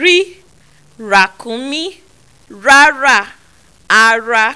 rí ràkúnmí rárá ara